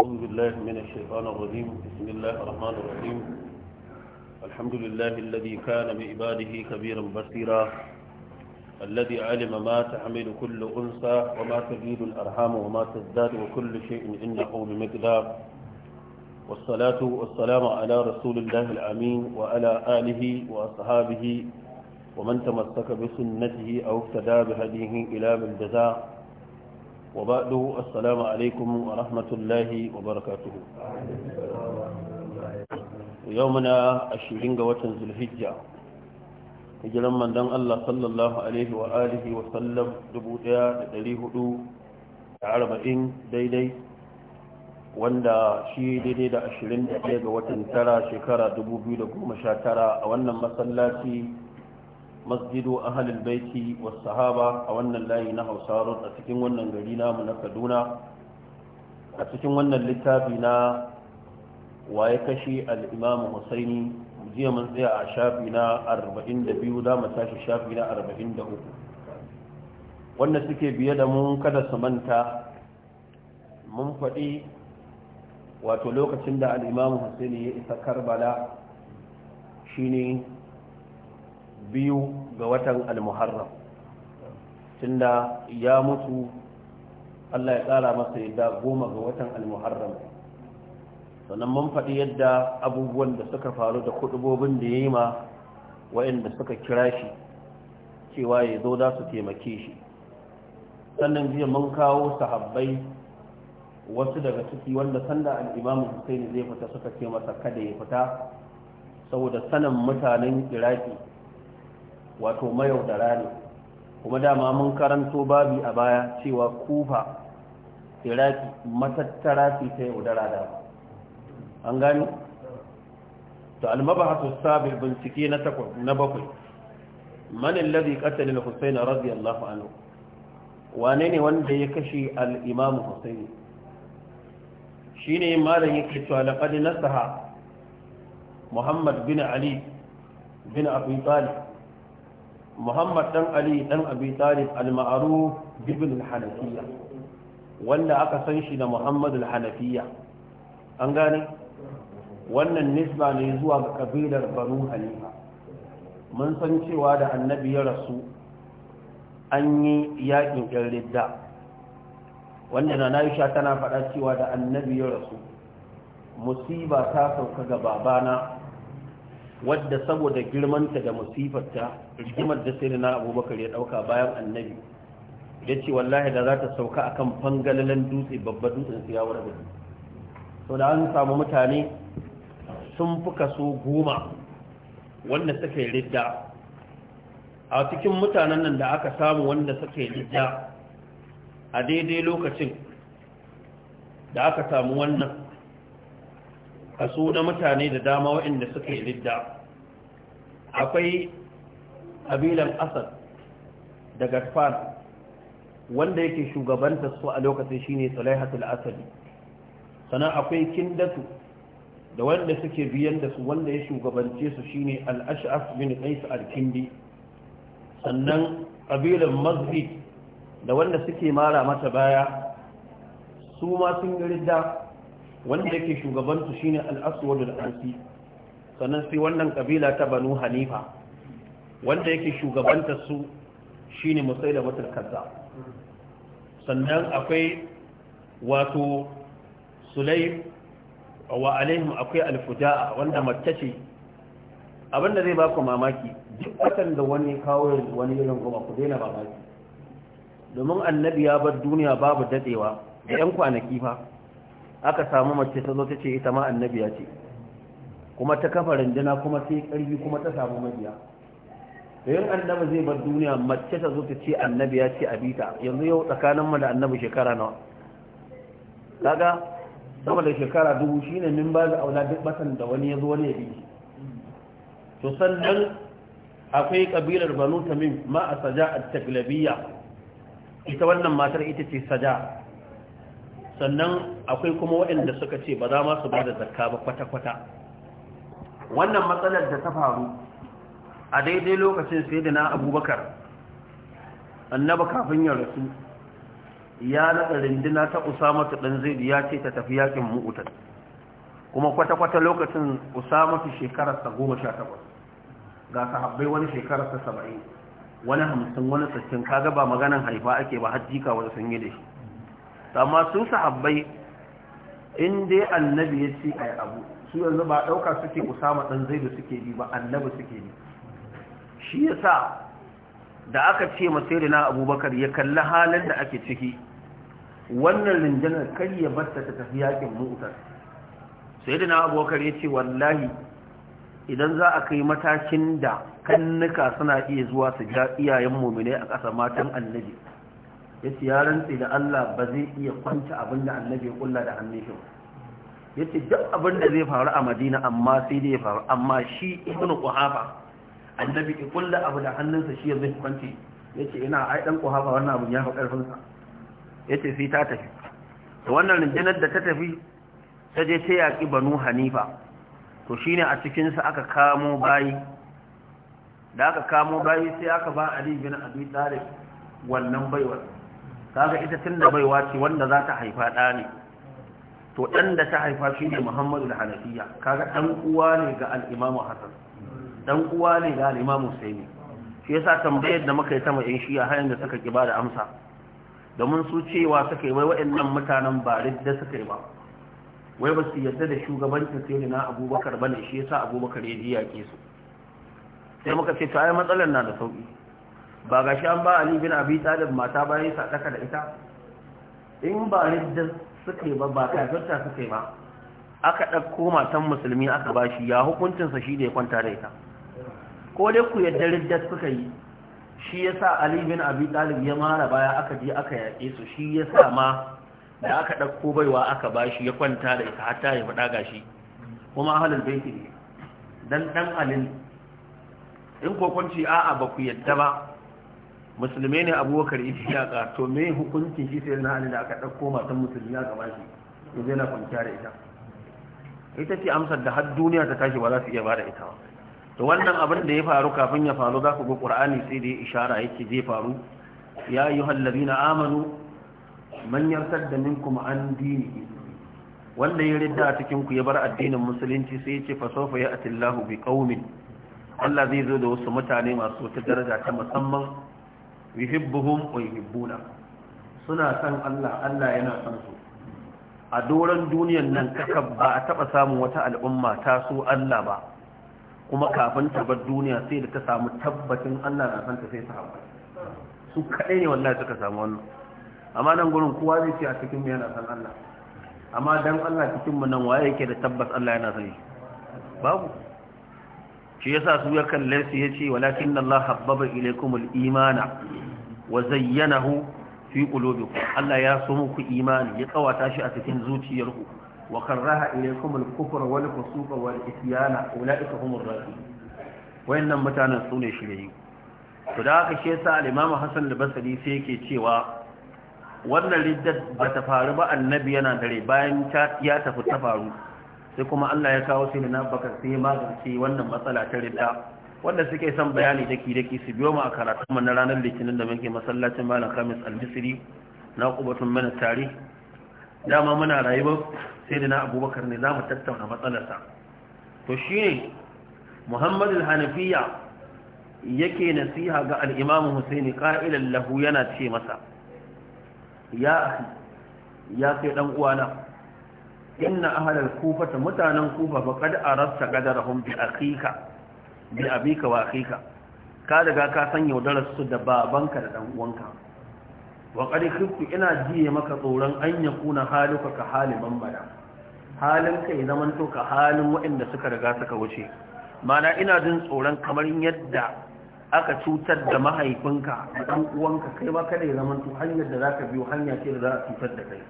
أعوذ بالله من الشيطان الرجيم بسم الله الرحمن الرحيم الحمد لله الذي كان بعباده كبيرا بصيرا الذي علم ما تحمل كل أنثى وما تزيد الأرحام وما تزداد وكل شيء إنه بمقدار والصلاة والسلام على رسول الله الأمين وعلى آله وأصحابه ومن تمسك بسنته أو افتدى بهديه إلى بالجزاء وبعد السلام عليكم ورحمة الله وبركاته يومنا الشرين وتن ذو الحجة hijiran mandan Allah sallallahu Alaihi wa alihi wa sallam arba'in daidai wanda shi daidai da 21 ga watan tara shekara tara a wannan masallaci masjidu halin baiti wa sahaba a wannan layi na Hausa a cikin wannan gari namu na Kaduna a cikin wannan littafi na waye kashe al Husaini jiya mun tsaya a shafi na 42 da mu tashi shafi na 43 wanda suke biye da mun kada su manta mun faɗi wato lokacin da al'imamu imam Husaini ya isa Karbala shine biyu ga watan almuharram tunda ya mutu Allah ya tsara masa yadda goma ga watan almuharram sannan mun faɗi yadda abubuwan da suka faru da kudubobin da ya yi ma wa'inda suka kira shi cewa ya zo za su taimake shi sannan jiya mun kawo sahabbai wasu daga ciki wanda sanda al'imamu ne zai fita suka ce masa kada ya fita saboda sanin mutanen iraki wato mayaudara ne kuma dama mun karanto babi a baya cewa kufa iraki matattara ce ta yaudara da an gani to almabahatu sabir bincike na takwas na bakwai man alladhi qatala al-husayn radiyallahu anhu wane ne wanda ya kashe al-imam husayn shine malam yake cewa laqad nasaha muhammad bin ali bin abi talib muhammad dan ali dan abi talib al-ma'ruf ibn al wanda aka san shi da muhammad al an gane wannan nisba ne zuwa ga kabilar banu halifa mun san cewa da annabi ya rasu an yi yakin ridda wanda na Aisha tana faɗa cewa da annabi ya rasu musiba ta sauka ga babana wadda saboda girmanta da musifarta rigimar da sai na abubakar ya dauka bayan annabi ya ce wallahi da za ta sauka akan fangalalan dutse babban dutsen su ya warga sau da an samu mutane sun fi kaso goma wanda suka yi ridda a cikin mutanen nan da aka samu wanda suka yi ridda a daidai lokacin da aka samu wannan kaso na mutane da dama waɗanda suka yi ridda akwai abilan asad da gadfan wanda yake shugabanta su a lokacin shine salaihatul asali, sannan akwai kindatu da wanda suke biyan da su wanda ya shugabance su shine al bin qais al-kindi sannan abilan mazhid da wanda suke mara mata baya su ma sun yi ridda wanda yake shugabantu shine al-aswad al-ansi sannan sai wannan kabila ta banu hanifa wanda yake shugabanta su shine musailamatul kazzab sannan akwai wato sulaim wa alaihim akwai al-fudaa wanda mace ce abinda zai baku mamaki duk watan da wani kawo wani irin goma ku daina mamaki domin annabi ya bar duniya babu dadewa da yan kwanaki fa aka samu mace ta zo ta ce ita ma annabiya ce kuma ta kafa rindina kuma sai karfi kuma ta samu mabiya yin annabi zai bar duniya mace ta zo ta ce annabi ya ce abita yanzu yau tsakanin mu da annabi shekara nawa kaga sama da shekara dubu shine min ba da aula duk batan da wani ya zo wani ya bi to sannan akwai kabilar banu tamim ma a saja at taglabiyya ita wannan matar ita ce saja sannan akwai kuma waɗanda suka ce ba za ma su ba da zakka ba kwata-kwata wannan matsalar da ta faru a daidai lokacin sai da na abubakar annaba kafin ya rasu ya naɗa rindina ta usama ta ɗan zai ya ce ta tafi yakin mu'utar kuma kwata-kwata lokacin usama ta ta goma sha takwas ga sahabbai wani ta saba'in wani hamsin wani sassin kaga ba maganan haifa ake ba hajjika wani sun yi da shi amma su sahabbai in dai annabi ya ce ai abu su yanzu ba ɗauka suke usama ɗan zai da suke bi ba annabi suke bi shi ya sa da aka ce masai na abubakar ya kalli halin da ake ciki wannan rinjanar kar ya batta ta tafi yakin mu'utar sai da na abubakar ya ce wallahi idan za a kai matakin da kannuka suna iya zuwa su ja iyayen mummune a ƙasa matan annabi ya ce ya rantse da Allah ba zai iya kwanci abin da annabi ya kulla da hannun shi ya ce duk abin da zai faru a madina amma sai da ya faru amma shi ibn kuhafa annabi ya kulla abu da hannunsa shi ya zai kwanci ya ce ina ai dan kuhafa wannan abin ya fi karfinsa ya ce sai ta tafi to wannan rundunar da ta tafi ta je ta yaƙi banu hanifa to shine a cikinsa aka kamo bayi da aka kamo bayi sai aka ba ali bin abi talib wannan baiwar kaga ita tun da baiwa ce wanda za ta haifa ɗa ne to ɗan da ta haifa shi ne muhammadu da hanafiya kaga ɗan uwa ne ga al'imamu hassan ɗan uwa ne ga al'imamu saini shi yasa tambayar da muka yi ta ma'in shiya hanyar da suka ƙi da amsa domin su cewa suka yi wai nan mutanen ba da suka yi ba wai ba su yadda da shugabanci sai na abubakar ba ne shi yasa abubakar ya ji yaƙe su sai muka ce to ai matsalar na da sauƙi ba ga shi an ba Ali bin Abi Talib mata bayan sa daka da ita in ba ridda suka yi ba ba kafirta suka yi ba aka ɗauko matan musulmi aka ba shi ya hukuncinsa shi da ya kwanta da ita ko dai ku yadda ridda suka yi shi ya sa Ali bin Abi Talib ya mara baya aka je aka yaƙe su shi ya sa ma da aka ɗauko baiwa aka ba shi ya kwanta da ita hatta ya faɗa gashi kuma halin baiti ne dan dan alin in ko kwanci a'a ba ku yadda ba musulmi ne abubakar ishaqa to me hukuncin shi sai na da aka ɗauko matan musulmi a gaba shi in zai na kwanciya da ita ita ce amsar da har duniya ta tashi ba za su iya bada ita ba to wannan abin da ya faru kafin ya faru za ku ga qur'ani sai da ya ishara yake zai faru ya ayyuhal ladina amanu man yartadda minkum an dini wanda ya ridda a cikin ku ya bar addinin musulunci sai ya ce fa sawfa ya'ti Allahu bi qaumin Allah zai zo da wasu mutane masu wata daraja ta musamman yuhibbuhum wa yuhibbuna suna san Allah Allah yana san su a doron duniyar nan kaka ba a taba samun wata al'umma ta so Allah ba kuma kafin ta bar duniya sai da ta samu tabbacin Allah na san ta sai ta haɓa su kaɗai ne wallahi suka samu wannan amma nan gurin kowa zai ce a cikin mu yana san Allah amma dan Allah cikin mu nan waye yake da tabbas Allah yana san shi babu shi yasa su ya kalle su yace walakin Allah habbaba ilaykumul imana wa zayyanahu fi qulubikum Allah ya so muku imani ya kawata shi a cikin zuciyarku wa karaha ilaykumul kufra wal fusuqa wal isyana ulaika humur rashidun wayannan mutanen su ne to da haka shi yasa al-Imam Hassan al-Basri sai yake cewa wannan riddat bata ta faru ba annabi yana dare bayan ya tafi ta faru sai kuma Allah ya kawo sai na bakar sai magance wannan matsala ta rida wanda suke son bayani daki daki su biyo mu a karatun mu na ranar litinin da muke masallacin malam Khamis al-Misri na kubatun mana tarihi dama muna rayuwar sai da na abubakar ne zamu mu tattauna matsalarsa to shi ne muhammadu hanafiya yake nasiha ga al'imamu Hussein qa'ilan lahu yana ce masa ya ya sai dan uwana inna ahalar kufata mutanen kufa fa kad arasta qadarahum bi akhika bi abika wa akhika ka daga ka san yaudarar su da babanka da ɗan'uwanka uwanka wa qad khiftu ina jiye maka tsoron an yakuna haluka ka haliman bada halin ya zaman to ka halin waɗanda suka riga suka wuce mana ina jin tsoron kamar yadda aka cutar da mahaifinka da dan kai ma kada ya zaman to hanyar da zaka biyo hanya ce da za a cutar da kai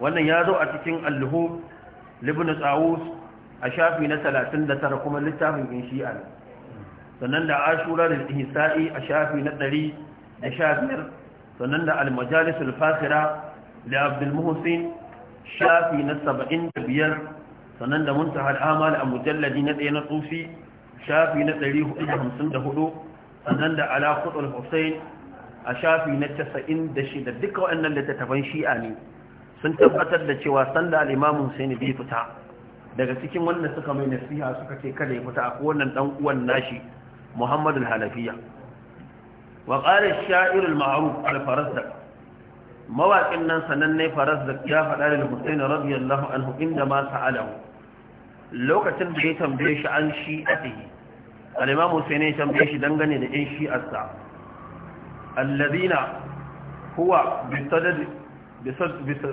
wannan ya zo a cikin alluhu libin tsawus a shafi na 39 kuma littafin in shi'a ne sannan da ashura da ihsa'i a shafi na 115 sannan da al-majalis al-fasira da abdul muhsin shafi na 75 sannan da muntaha al-amal a mujalladi na 1 na tsufi shafi na 454 sannan da ala khutul husain a shafi na 96 duka waɗannan littattafan shi'a ne sun tabbatar da cewa sanda Alimamu imamu Hussein bai fita daga cikin wannan suka mai nasiha suka ce kada ya fita akwai wannan dan uwan nashi Muhammadu al-Hanafiya wa qala ash-sha'ir al-ma'ruf al nan sananne Farazdaq ya faɗa da Hussein radiyallahu anhu da ma sa'alahu lokacin da ya tambaye shi an shi a al Alimamu Hussein ya tambaye shi dangane da ɗin shi'arsa alladhina huwa bi sadad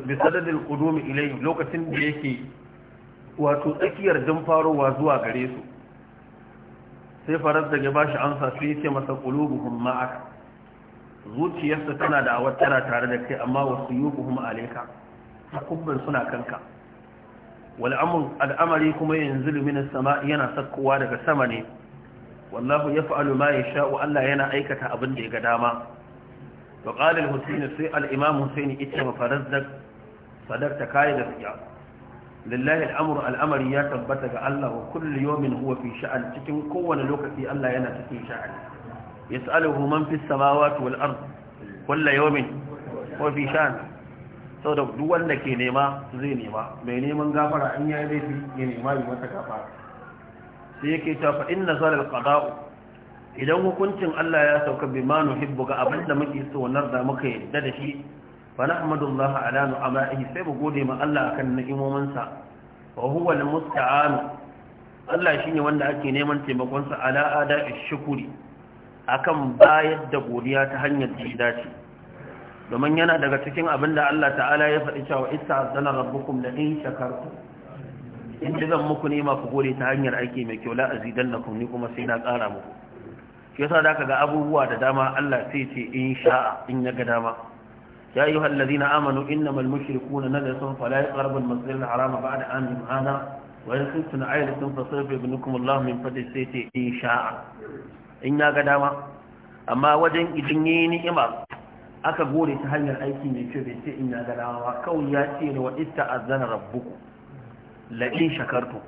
bisadadin kudumi ilai lokacin da yake wato tsakiyar don farowa zuwa gare su sai farar da ya ba shi an su ya ce masa kulubuhum ma'aka zuciyarsa tana da awar tana tare da kai amma wasu yi kuma alaika kubban suna kanka al'amari kuma yanzu luminin sama yana sakkowa daga sama ne wallahu ya fa'alu ma ya sha'u Allah yana aikata abin da ya ga dama وقال الحسين سي الامام حسين اتم فرزق صدرت كايد فيا لله الامر الامر يا ثبت الله كل يوم هو في شان cikin kowane lokaci Allah yana cikin sha'ani yasaluhu man fi samawati wal ard kull yawm huwa fi shan saboda duk ke nema zai nema mai neman gafara in yayi laifi ya nema yi masa gafara sai yake ta fa inna zalal qada'u idan hukuncin Allah ya sauka bi ma nuhibbu ga abin da muke so wannan da muka yarda da shi fa nahmadullahi ala nu'ama'ihi sai mu gode ma Allah akan ni'imomin sa wa huwa al-musta'an Allah shine wanda ake neman taimakon sa ala ada shukuri akan bayar da godiya ta hanyar da ya dace domin yana daga cikin abin da Allah ta'ala ya faɗi cewa isa zana rabbukum da in shakartu in zan muku nema ku gode ta hanyar aiki mai kyau la azidannakum ni kuma sai na ƙara muku yasa da ka ga abubuwa da dama Allah sai ce in sha'a in ya ga dama ya ayyuha allazina amanu innamal mushrikuuna najasun fala yaqrabu al-masjid al-harama ba'da an hada wa in kuntum fasarfe fasawfa ibnukum Allah min fadli sai ce in sha'a in ya ga dama amma wajen idan yi ni'ima aka gore ta hanyar aiki mai kyau bai ce in ya ga dama kawai ya ce wa azana rabbukum la in shakartum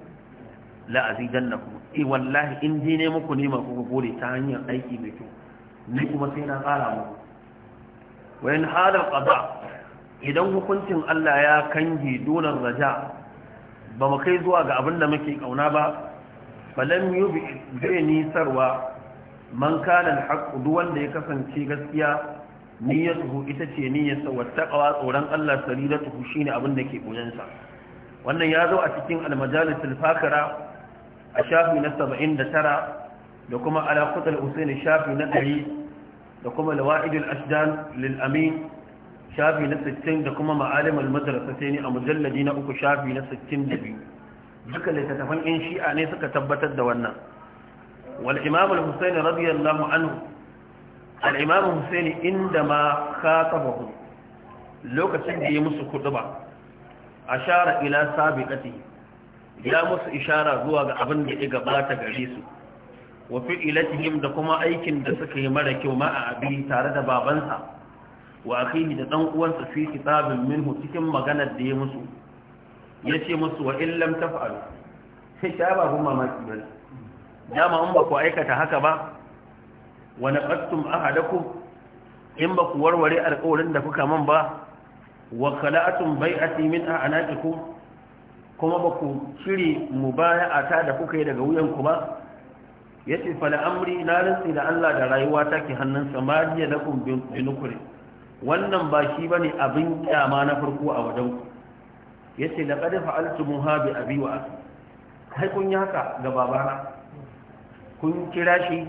kuma, eh wallahi in dai ne muku ne ku gode ta hanyar aiki mai kyau ni kuma sai na tsara muku Wayan halar hada idan hukuncin Allah ya kange dolar raja ba mu kai zuwa ga abin da muke kauna ba falam yubi zai nisarwa man kana alhaq duk wanda ya kasance gaskiya niyyatuhu ita ce niyyarsa wattaqwa tsoron Allah sariratuhu shine abin da ke koyan wannan ya zo a cikin almajalisul alfakara a shafi na 79 da kuma ala kutul usaini shafi na 100 da kuma lawaidul ashdan lil amin shafi na 60 da kuma ma'alimul madrasatayn a mujalladi na uku shafi na 62 duka littattafan in shi'a ne suka tabbatar da wannan wal imam al-husaini radiyallahu anhu al-imam husaini indama khatabahu lokacin da ya musu ba. A ashara ila sabiqatihi ya musu ishara zuwa ga abin da ya gabata gare su wa fi'ilatihim da kuma aikin da suka yi mara kyau ma a abi tare da babansa wa akhihi da dan uwansa fi kitabin minhu cikin maganar da ya musu yace musu wa in lam taf'alu sai ta ba kuma mamaki ba dama ba ku aikata haka ba wa naqattum ahadakum in ba ku warware alƙawarin da kuka man ba wa khala'atum bai'ati min a'naqikum kuma ba ku baya a ta da kuka yi daga wuyanku ba ya ce fala amri na rantsi da Allah da rayuwa ta ke hannunsa ma jiya na kumbin wannan ba shi ba ne abin kyama na farko a wajen ku ya ce da ƙadafa altumun habi abi wa asu hai kun yi haka ga babana kun kira shi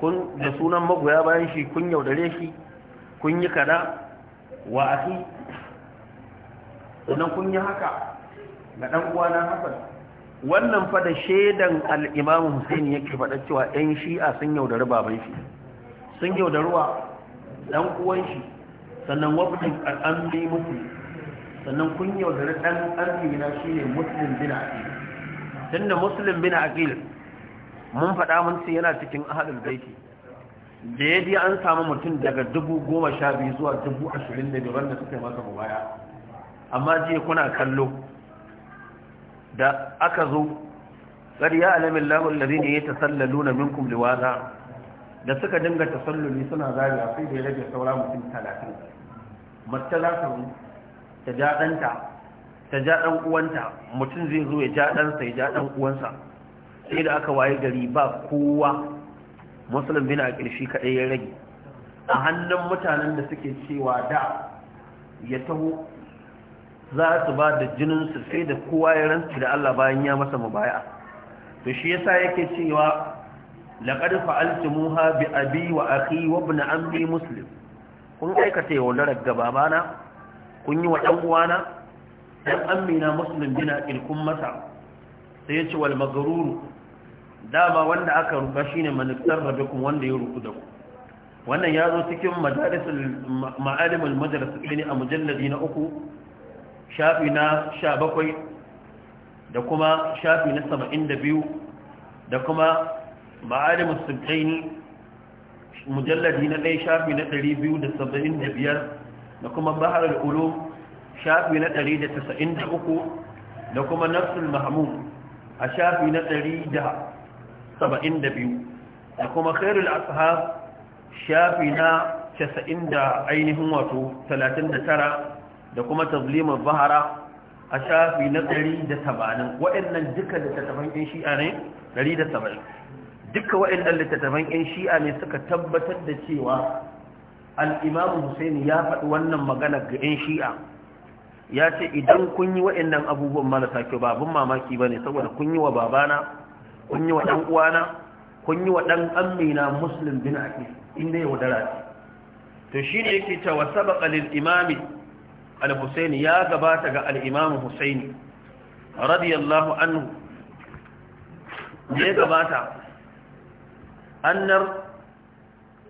kun da sunan magoya bayan shi kun yaudare shi kun yi kada wa sannan kun yi haka ga dan uwana Hassan wannan fa da shedan al-Imam Hussein yake faɗa cewa ɗan Shi'a sun yaudari baban shi sun wa dan uwan shi sannan wafdin an bi musu sannan kun yaudari dan amina shine Muslim bin Aqil tunda Muslim bin Aqil mun faɗa mun ce yana cikin ahadul baiti da ya ji an samu mutum daga dubu goma sha biyu zuwa dubu ashirin da wanda suka yi masa mubaya amma jiya kuna kallo da aka zo ya ya'lamu Allahu alladhina yatasallaluna minkum liwaza da suka dinga tasalluli suna zariya sai da ya rage saura mutum 30 mace za ta ja ɗanta ta ja ɗan uwanta mutum zai zo ya ja ɗansa ya ja ɗan uwansa sai da aka waye gari ba kowa musulun bina a ƙirshi kaɗai ya rage a hannun mutanen da suke cewa da ya taho za su ba da jininsu sai da kowa ya rantsu da Allah bayan ya masa mubaya to shi yasa yake cewa laqad fa'altumuha bi abi wa akhi wa ibn ammi muslim kun aikata yaudarar gababana kun yi wa dan uwana dan ammina muslim bina ilkum masa sai yace wal dama wanda aka ruba shine maniktar rabbikum wanda ya ruku da ku wannan ya zo cikin madarisul ma'alimul madrasa a mujalladi na uku shafi na sha bakwai da kuma shafi na saba'in da biyu da kuma ma'adamu sultaini mujalladi na ɗaya shafi na ɗari biyu da saba'in da biyar da kuma bahar al'ulu shafi na ɗari da tasa'in da uku da kuma nafsul mahamud a shafi na ɗari da saba'in da biyu da kuma khairul ashab shafi na casa'in da ainihin wato talatin da tara da kuma tazlimar bahara a shafi na 170 waɗannan duka littattafan ƴan shi'a ne 170 duka waɗannan littattafan ƴan shi'a ne suka tabbatar da cewa al-Imam Hussein ya faɗi wannan magana ga ƴan shi'a ya ce idan kun yi waɗannan abubuwan marasa kyau babun mamaki mamaki bane saboda kun yi wa babana kun yi wa ɗan uwana kun yi wa ɗan amina muslim bin aqil inda ya wadara to shi ne yake cewa sabaqa lil imami al-husaini ya gabata ga al-imam husaini radiyallahu anhu ya gabata annar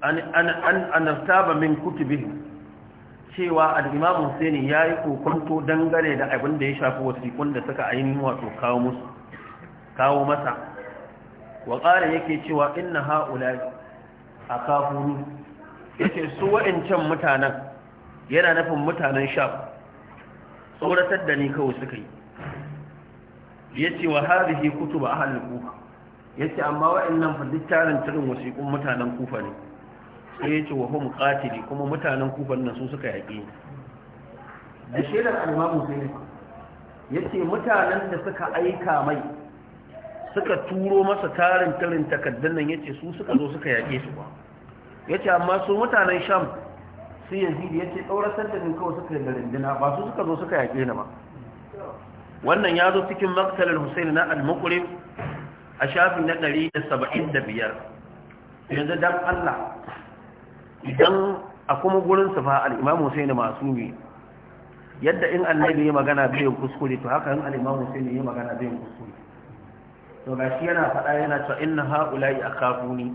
an artaba min kutubihi cewa al-imam husaini yi kokonto dangane da abin da ya shafi wasiƙun da suka ainihin wato kawo musu kawo masa wa qala yake cewa inna ha'ula a yake su wa'incan mutanen yana nufin mutanen sha tsoratar da ni kawai suka yi ya ce wa harihi kutu ba halin kufa ya ce amma wa'annan fadin tarin cirin wasiƙun mutanen kufa ne sai ya ce wa hun katili kuma mutanen kufan nan su suka yaƙi da shaidar alimamu sai ya ce mutanen da suka aika mai suka turo masa tarin tarin takardun nan ya ce su suka zo suka yaƙe su ba ya ce amma su mutanen sham sai yazid ya ce ɗauratar da ni suka yi rindina ba su suka zo suka yaƙe ni ba wannan ya zo cikin maktalar husaini na al-muqrim a shafin na 175 yanzu dan Allah idan a kuma gurin su fa al-imamu husaini masumi yadda in annabi ya magana bai kuskure to haka in al-imamu husaini ya magana bai kuskure to gashi yana faɗa yana cewa inna haula'i akhafuni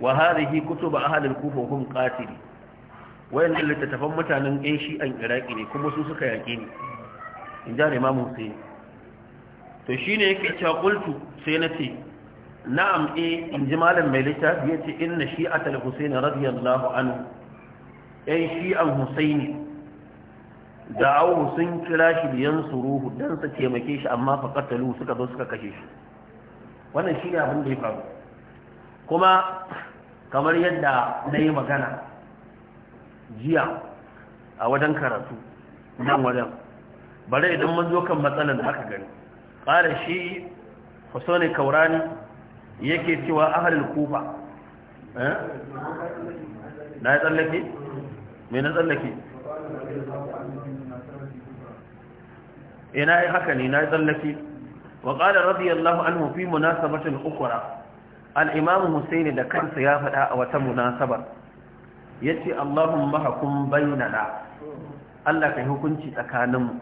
wa hadhihi kutubu ahli al-kufa hum qatili wayannan littattafan mutanen yan shi'an iraki ne kuma su suka yaƙe ni in ja da imamu sai to ne yake cewa sai na ce na'am amɗe eh, in ji malam mai littafi yace inna shi'atal husayn radiyallahu anhu yan shi'an husaini awu sun kira shi da yansuruhu dan su taimake shi amma fa qatalu suka zo suka kashe shi wannan ne abin da ya faru kuma kamar yadda na yi magana jiya a wajen karatu nan wajen bare idan mun zo kan matsalan da aka gani ƙara shi husaini kaurani yake cewa ahlul kufa eh? na ya tsallake? mai na tsallake? ina eh, yi haka ne na ya tsallake wa ƙara radiyallahu anhu fi munasabatin ukura al'imamu husaini da kansa ya faɗa a wata munasabar Ya ce, Allahumma hakum bainana Allah kai hukunci tsakaninmu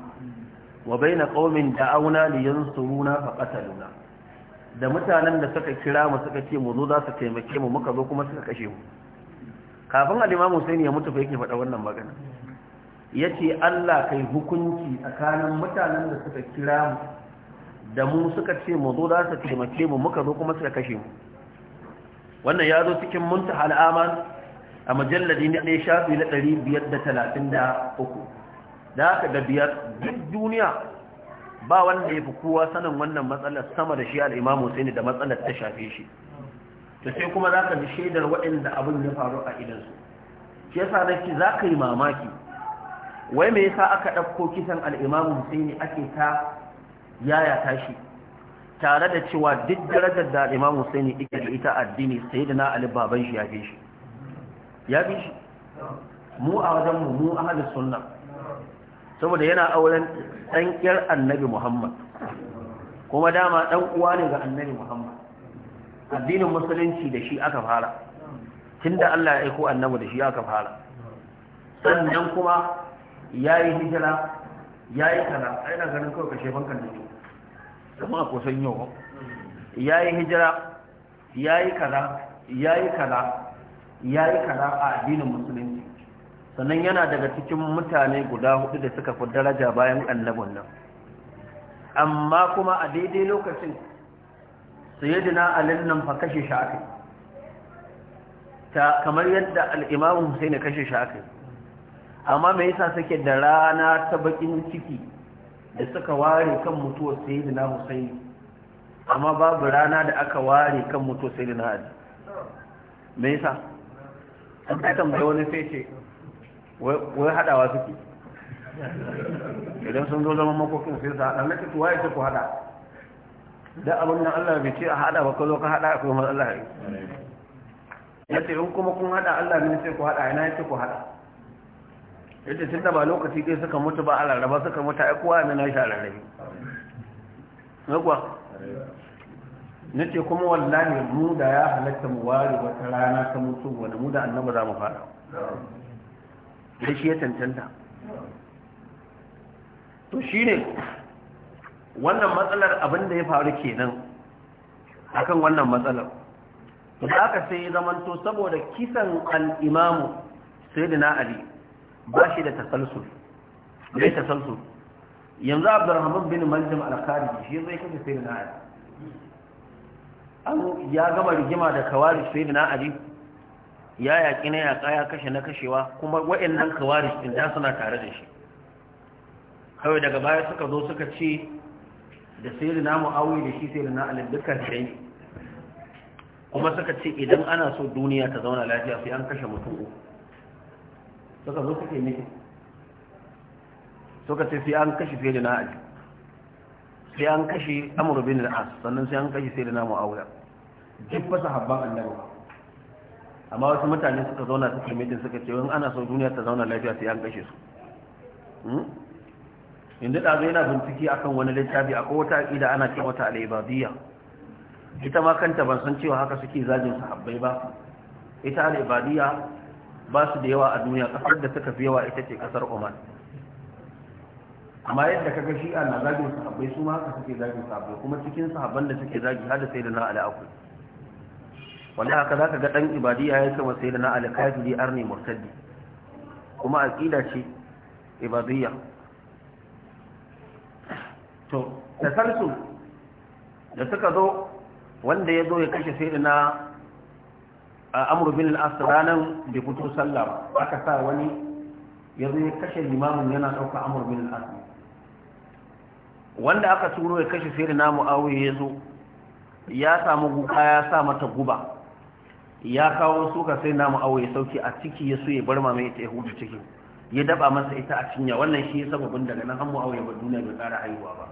wa baina qaumin da'awna liyansuruna faqataluna da mutanen da suka kira mu suka ce mu zo za su taimake mu muka zo kuma suka kashe mu kafin Alimamu imam ya mutu fa yake faɗa wannan magana Ya ce, Allah kai hukunci tsakanin mutanen da suka kira mu da mu suka ce mu zo za su taimake mu muka zo kuma suka kashe mu wannan ya zo cikin mun ta aman a majalladi na shafi na ɗari biyar da talatin da uku da haka da biyar duk duniya ba wanda ya fi kowa sanin wannan matsalar sama da shi al'imamu sai da matsalar ta shafe shi Ta sai kuma za ka ji shaidar waɗanda abin ya faru a idansu shi yasa na za ka yi mamaki wai me yasa aka ɗauko kisan al'imamu husaini ake ta yaya tashi tare da cewa duk darajar da al'imamu husaini ike ita addini sai da na ali baban shi ya fi shi ya bi shi mu a wajen mu mu ahlus sunna saboda yana auren dan kyar annabi Muhammad kuma dama dan uwa ne ga annabi Muhammad addinin musulunci da shi aka fara tunda Allah ya aiko annabi da shi aka fara sannan kuma yayi hijira yayi kaza ai na ganin kawai kashe bankan da kuma ko san yau yayi hijira yayi kaza yayi kaza ya yi kaza a addinin musulunci sannan yana daga cikin mutane guda hudu da suka fi daraja bayan annabin nan amma kuma a daidai lokacin sayyidina alin nan fa kashe shi ta kamar yadda al'imamu na kashe shi amma me yasa suke da rana ta bakin ciki da suka ware kan mutuwar sayyidina husaini amma babu rana da aka ware kan mutuwar sayyidina ali me yasa an ka tambaye wani sai wai haɗawa suke idan sun zo zaman makokin sai su haɗa na tuwa ya ce ku haɗa da abin nan Allah bai ce a haɗa ba ka zo ka haɗa akwai Allah ya yi. ce in kuma kun haɗa Allah ne sai ku haɗa ina ya ce ku haɗa ya ce tun ba lokaci ɗaya suka mutu ba a rarraba suka mutu ai kowa ne na shi a rarrabe na kuwa na ce kuma wallahi mu da ya halatta mu ware wata rana ta mutu wani mu da annaba za mu fara da shi ya cancanta to shi ne wannan matsalar abin da ya faru kenan akan wannan matsalar to da aka sai zamanto saboda kisan al'imamu sai da na'ali ba shi da tasalsul mai tasalsul yanzu abdurrahman bin maljam al-khariji shi zai kafa sai da na'ali ya gama rigima da kawaris sai na ali ya yaƙi na yaƙa ya kashe na kashewa kuma waɗannan kawaris din da suna tare da shi kawai daga baya suka zo suka ce da sai na mu'awi da shi sai na ali dukkan sai kuma suka ce idan ana so duniya ta zauna lafiya sai an kashe mutum uku suka zo suka yi suka ce sai an kashe sai na ali sai an kashe amur bin al'as sannan sai an kashe sai da namu aula duk fasa habban annabi amma wasu mutane suka zauna suka mitin suka ce wani ana so duniya ta zauna lafiya sai an kashe su inda hmm? ɗazu yana bincike akan wani littafi a kowata aƙida ana ce wata al'ibadiyya ita ma kanta ban san cewa haka suke zagin Habbai ba ita al'ibadiyya ba su da yawa a duniya ƙasar da suka fi yawa ita ce ƙasar oman amma yadda kaga shi na zagin sahabbai su ma haka suke zagin sahabbai kuma cikin sahabban da suke zagi har da sai da na ala aku wanda haka zaka ga dan ibadiya ya kama sai da na ala kafiri arni murtaddi kuma aqida ce ibadiyya to sarsu da suka zo wanda ya zo ya kashe sai da na amru bin al-as ranan bai fito sallah ba aka sa wani ya zo ya kashe limamin yana dauka amru bin al'asir wanda aka turo ya kashe sai na mu'awiyya ya zo ya samu guka ya sa mata guba ya kawo suka sai na mu'awiyya ya sauke a ciki ya so ya bar mamaye ta ya huta ciki ya daba masa ita a cinya wannan shi ya sababin daga nan an mu'awiyya ba duniya bai tsara haihuwa ba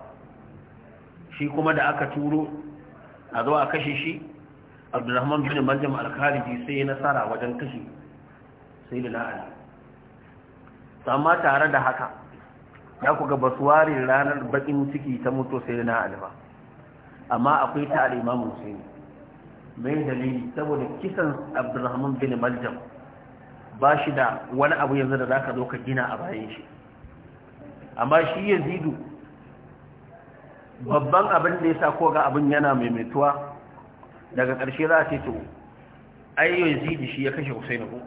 shi kuma da aka turo a zo a kashe shi abdurrahman bin maljam al sai ya nasara wajen kashe sai da na'ali amma tare da haka ya ku ga basuwarin ware ranar bakin ciki ta mutu sai na alba amma akwai ta al'imamu sai. mai dalili saboda kisan abdulrahman bin maljam ba shi da wani abu yanzu da ka zo ka gina a bayan shi amma shi yazidu babban abin da ya sa koga abin yana maimaituwa daga ƙarshe za a ce to ayyoyin yazidi shi ya kashe husaini ko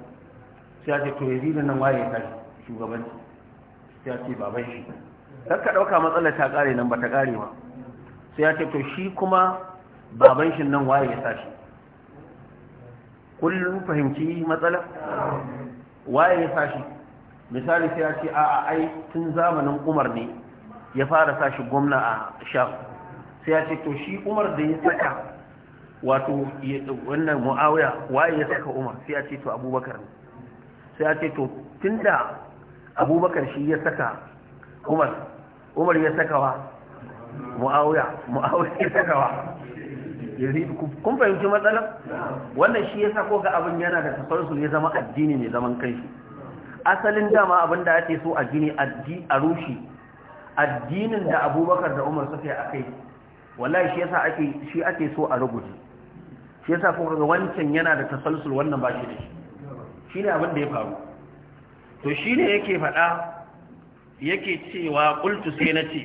sai a ce to yazidi nan waye ya shugabanci ya ce baban shi kar ka ɗauka matsalar ta ƙare nan ba ta ƙare ba sai ya ce to shi kuma baban shi nan waye ya sashi kullum fahimci matsala waye ya sashi misali sai ya ce a a ai tun zamanin umar ne ya fara sashi gwamna a sham sai ya ce to shi umar da ya saka wato wannan mu'awiya waye ya saka umar sai ya ce to abubakar ne sai ya ce to tunda abubakar shi ya saka umar umar ya saka wa mu'awiya mu'awiya ya saka wa kun fahimci matsalar wannan shi ya sako ga abin yana da tasarsu ya zama addini mai zaman kanshi asalin dama abin da ake so addini a rushe addinin da abubakar da umar suka yi a kai wallahi shi yasa ake shi ake so a rubuce shi yasa kuma wancan yana da tasalsul wannan ba shi da shi shine abin da ya faru to shi ne yake faɗa yake cewa qultu sai na ce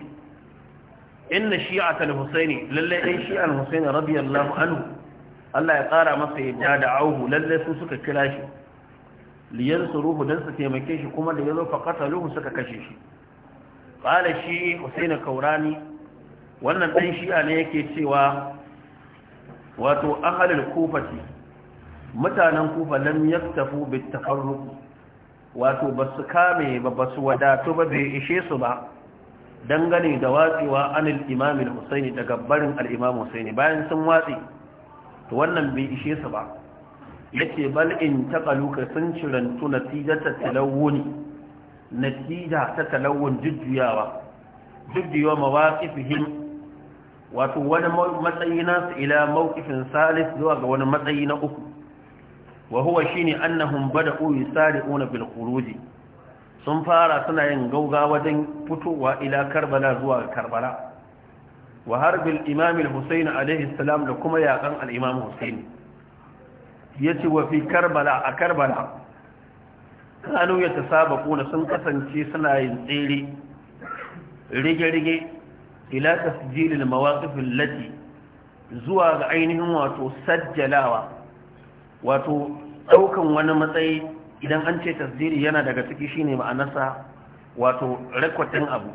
inna shi'ata al-husaini lallai ɗan shi'a al-husaini radiyallahu anhu Allah ya tsara masa yadda da auhu lallai su suka kira shi ruhu dan su taimake shi kuma da yazo faqataluhu suka kashe shi qala shi husaini kaurani wannan ɗan shi'a ne yake cewa wato ahlul kufati mutanen kufa lam yaktafu bit tafarruq wato ba su kame ba ba su wadatu ba bai ishe su ba dangane da watsewa anil imamil husaini daga barin al'imam husaini bayan sun watsi to wannan bai ishe su ba yake bal in taƙalu ka sun cirantu natija ta talawuni natija ta talawun jujjuyawa jujjuyawa mawaƙifihim wato wani matsayi nasu ila mawƙifin salis zuwa ga wani matsayi na uku shi ne shine annahum bada'u yusari'una bil khuruj sun fara suna yin gauga wajen fitowa ila Karbala zuwa Karbala wa harbil imamil al-Husayn da kuma yakan al-Imam Ya yace wafi Karbala a Karbala kanu yatasabaquna sun kasance suna yin tsere rige-rige ila tasjilil mawaqif lati zuwa ga ainihin wato sajjalawa wato ɗaukan wani matsayi idan an ce tasdiri yana daga ciki shine ma'anarsa wato rekodin abu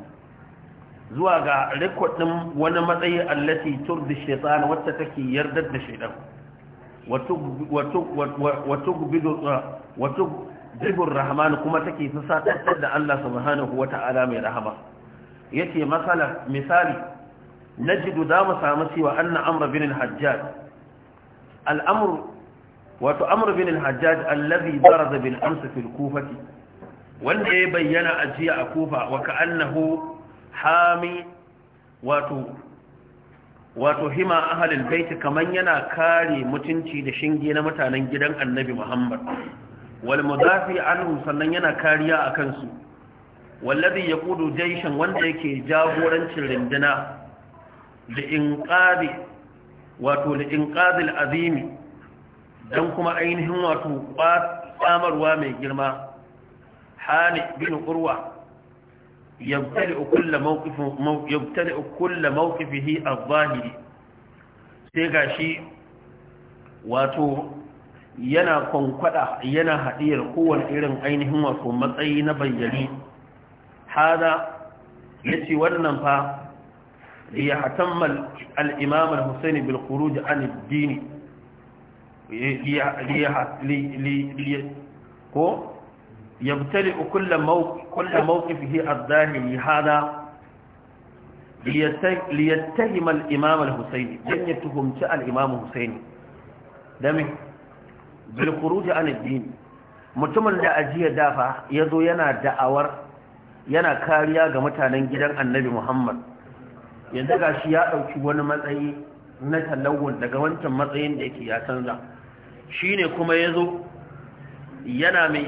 zuwa ga rekodin wani matsayi allati turdi shaitan wacce take yardar da shaitan wato wato rahman kuma take fusatar da Allah subhanahu wata'ala mai rahama yace masalan misali najidu da mu samu cewa anna amr bin al-hajjaj al-amr wato amr bin al-hajjaj allazi baraza bil ams fil kufati wanda ya bayyana a jiya a kufa wa ka'annahu hami wato wato hima ahalil baiti kaman yana kare mutunci da shinge na mutanen gidan annabi muhammad wal mudafi anhu sannan yana kariya a kansu wallazi yaqudu jayshan wanda yake jagorancin rinduna da inqadi wato da inqadil azimi don kuma ainihin wato samarwa mai girma hali bin kurwa yabtadi'u kullu mawqifin yabtadi'u kullu sai gashi wato yana kwankwada yana hadiyar kowane irin ainihin wato matsayi na bayyani hada yace wannan fa ya yahtammal al hussein al-husaini an يبتلع كل موقف كل موقفه الظاهر لهذا ليتهم الإمام الحسين لن يتهم الإمام الحسين دمه بالخروج عن الدين متمن da ajiya dafa ya zo yana da'awar yana kariya ga mutanen gidan annabi muhammad yanzu gashi ya dauki wani matsayi na talawun daga wancan matsayin da yake ya canza shi ne kuma zo yana mai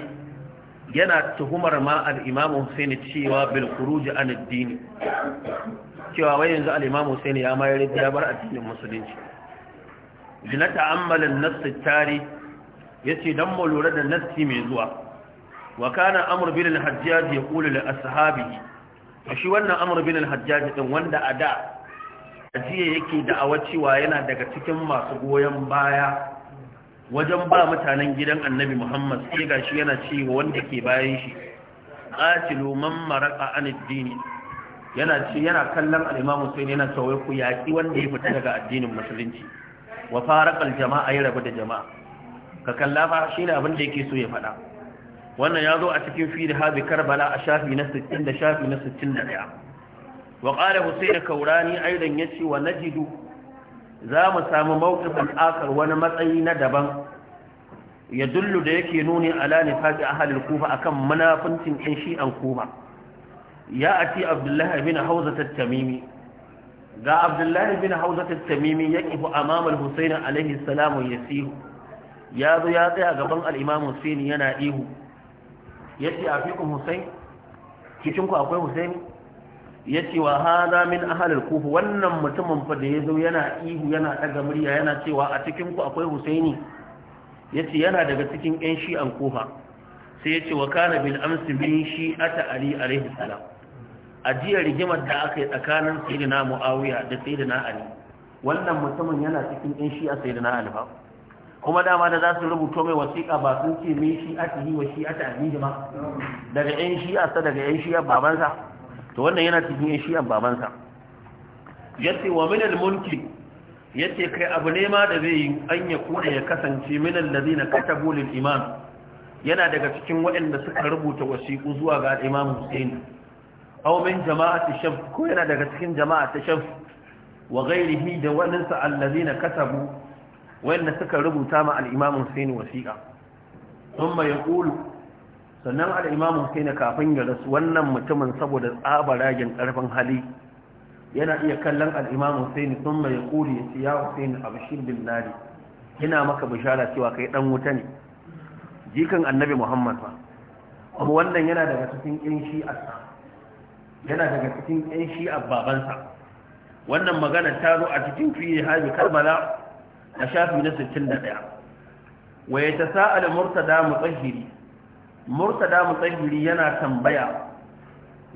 yana tuhumar ma al-Imam cewa bilkuruji an addini cewa wai yanzu al-Imam ya ya da ya bar addinin musulunci dina na ta’ammalin nassi tari dan mu lura da nassi mai zuwa wa kana binin hajjaji ya hajjaj a li a shi wannan amur binin hajjaji ɗin wanda a da. jiya yake da'awar cewa yana daga cikin masu goyon baya wajen ba mutanen gidan annabi muhammad sai ga shi yana cewa wanda ke bayan shi ƙatilu man an addini yana ce yana kallon al'imamu sai yana cewa ku yaƙi wanda ya fita daga addinin musulunci wa farakal jama'a ya rabu da jama'a ka kalla fa ne abin da yake so ya faɗa wannan ya zo a cikin fi da habi karbala a shafi na 60 da shafi na 61 wa qala da kaurani aidan ya ce wa najidu za mu samu mawqifan akar wani matsayi na daban ya dullu da yake nuni ala nifaqi ahli al-kufa akan munafincin ɗin shi'an kufa ya ati abdullahi bin hawzat at-tamimi ga abdullahi bin hawzat at-tamimi yaqifu amama al-husayn alayhi salam yasihu ya Ya zo ya tsaya gaban al Sini yana ihu Ya ce, yace afikum husayn cikin ku akwai Husaini? ya ce wa hada min ahalar kufu wannan mutumin fa da ya zo yana ihu yana daga murya yana cewa a cikin ku akwai husaini ya ce yana daga cikin yan an kofa sai ya ce wa kana bil amsi bin shi'ata ali alaihi salam a jiya rigimar da aka yi tsakanin sayyidina muawiya da sayyidina ali wannan mutumin yana cikin yan a sayyidina ali ba kuma dama da za su rubuto mai wasiƙa ba sun ce mai shi'atihi wa shi'ata ali ba daga yan a sa daga yan a babansa to wannan yana cikin shiyan babansa yace wa min al-mulki yace kai abu ne ma da zai an ya kuma ya kasance min allazina katabu lil imam yana daga cikin waɗanda suka rubuta wasiƙu zuwa ga Imam Hussein aw min jama'ati shaf ko yana daga cikin jama'a ta shaf wa ghairihi da waɗansa allazina katabu waɗanda suka rubuta ma al-Imam Hussein wasiqa thumma yaqulu sannan al'imamu husaini kafin ya rasu wannan mutumin saboda tsabaragen ƙarfin hali yana iya kallon al'imamu husaini sun mai kuri ya siya, ya husaini a bashir bin nari yana maka bishara cewa kai ɗan wuta ne jikan annabi muhammad ba kuma wannan yana daga cikin a sa yana daga cikin ƙin a babansa wannan magana ta zo a cikin fiye hajji karbala a shafi na 61 wa ya ta sa'ad murtada mutsahiri murtada mutsahiri yana tambaya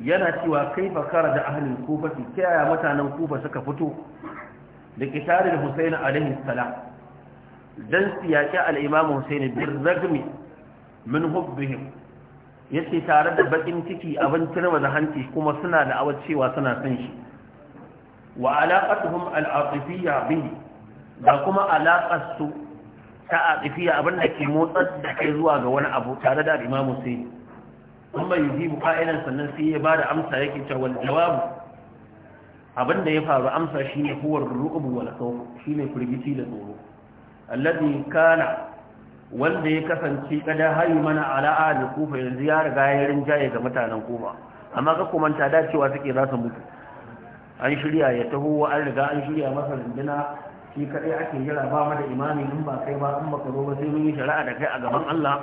yana cewa kai fakara da ahlin kufa su kiyaya mutanen kufa suka fito da kitarin husaini alaihi salam dan siyaki al-imam husaini bir ragmi min hubbihim yace tare da bakin ciki abin tirma da hanci kuma suna da awar cewa suna san shi wa alaqatuhum al-atifiyya bihi kuma alaqar su ta a abin da ke motsar da kai zuwa ga wani abu tare da imamu sai in bai yi buƙa'idan sannan sai ya ba da amsa yake cewar jawabu abin ya faru amsa shi ne huwar ru'ubu wal khawf shi ne firgici da tsoro alladi kana wanda ya kasance kada hayu mana ala'a da kufa yanzu ya riga ya rinjaye ga mutanen kuma amma ka kuma da cewa suke za su mutu an shirya ya taho an riga an shirya masa rundunar shi kaɗai ake jira ba mu da imami in ba kai ba in ba ka zo ba sai mun yi shari'a da kai a gaban Allah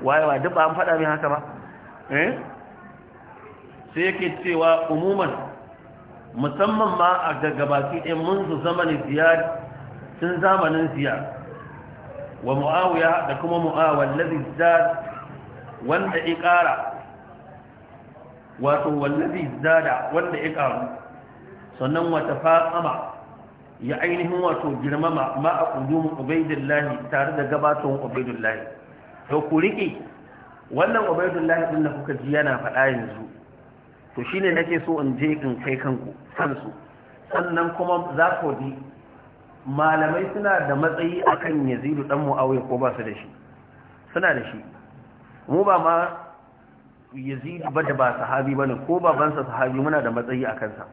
wa duk ba an faɗa min haka ba eh sai yake cewa umuman musamman ma a baki ɗin mun su zamanin ziyar tun zamanin ziyar wa mu'awiya da kuma mu'awar lazi zad wanda ya ƙara wato wallazi zada wanda ya ƙaru sannan wata fa'ama ya ainihin wato girmama ma a ƙudumin ubaidullahi tare da gabatun ubaidullahi to ku riƙe wannan ubaidullahi ɗin da kuka ji yana faɗa yanzu to shine nake so in je in kai kanku su. sannan kuma za ku ji malamai suna da matsayi akan yazidu dan mu'awiya ko ba su da shi suna da shi mu ba ma yazidu ba da ba sahabi ne ko babansa sahabi muna da matsayi a kansa.